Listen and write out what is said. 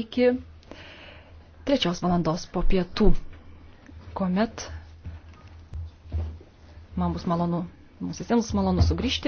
iki trečios valandos po pietų, kuomet man bus malonu, mums visiems malonu sugrįžti.